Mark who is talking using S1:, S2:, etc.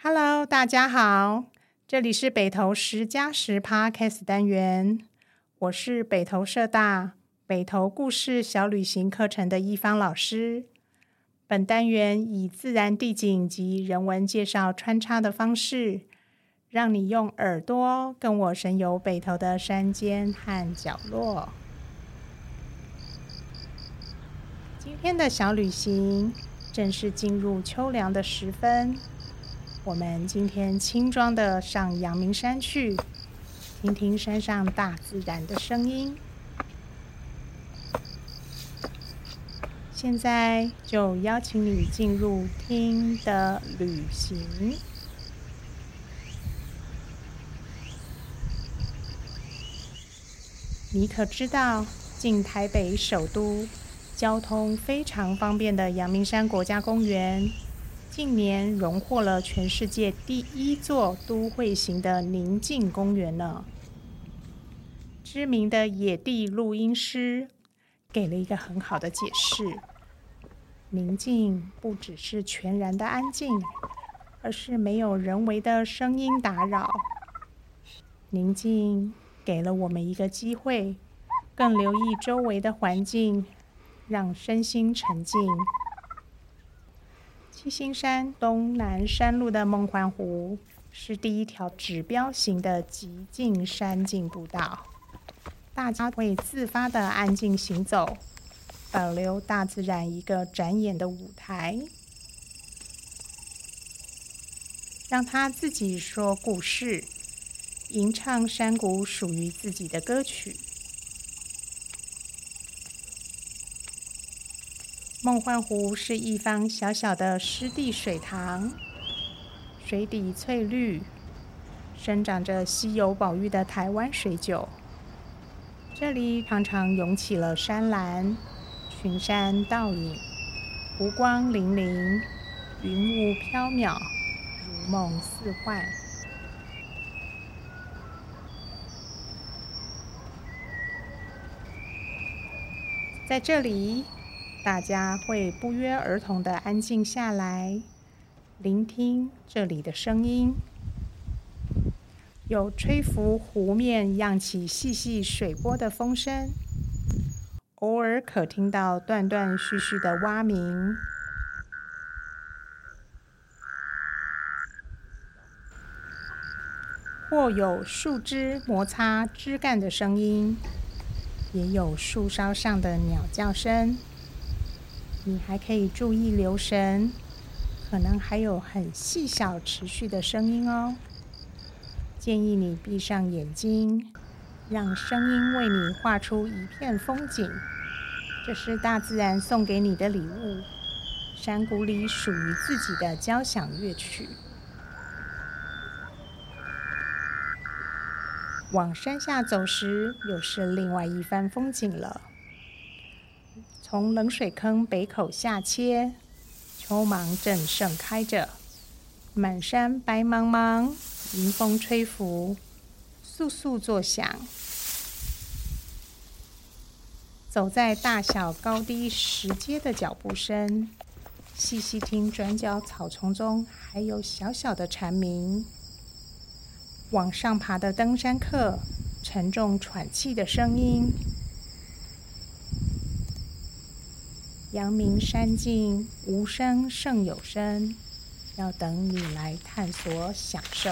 S1: Hello，大家好，這裡是北投十加十 Podcast 單元，我是北投社大北投故事小旅行課程的伊芳老師。本單元以自然地景及人文介紹穿插的方式，讓你用耳朵跟我神遊北投的山間和角落。今天的小旅行，正式進入秋涼的時分。我們今天輕裝的上陽明山去，聽聽山上大自然的聲音。現在就邀請你進入聽的旅行。你可知道，近台北首都、交通非常方便的陽明山國家公園，近年榮獲了全世界第一座都會型的寧靜公園呢。知名的野地錄音師給了一個很好的解釋：寧靜不只是全然的安靜，而是沒有人為的聲音打擾。寧靜給了我們一個機會，更留意周圍的環境，讓身心沉靜。七星山東南山麓的夢幻湖是第一條指標型的寂靜山徑步道，大家會自發的安靜行走，保留大自然一個展演的舞台，讓它自己說故事，吟唱山谷屬於自己的歌曲。夢幻湖是一方小小的濕地水塘，水底翠綠，生長着稀有寶玉的台灣水韭。這裡常常湧起了山嵐，群山倒影，湖光粼粼，雲霧飄渺，如夢似幻。在這裡。大家會不約而同的安靜下來，聆聽這裡的聲音。有吹拂湖面漾起細細水波的風聲，偶爾可聽到斷斷續續的蛙鳴，或有樹枝摩擦枝幹的聲音，也有樹梢上的鳥叫聲。你還可以注意留神，可能還有很細小、持續的聲音哦。建議你閉上眼睛，讓聲音為你畫出一片風景。這是大自然送給你的禮物——山谷裡屬於自己的交響樂曲。往山下走時，又是另外一番風景了。從冷水坑北口下切，秋芒正盛開着，滿山白茫茫，迎風吹拂，簌簌作響。走在大小高低石階的腳步聲，細細聽，轉角草叢中還有小小的蟬鳴。往上爬的登山客，沉重喘氣的聲音。陽明山靜，無聲勝有聲，要等你來探索享受。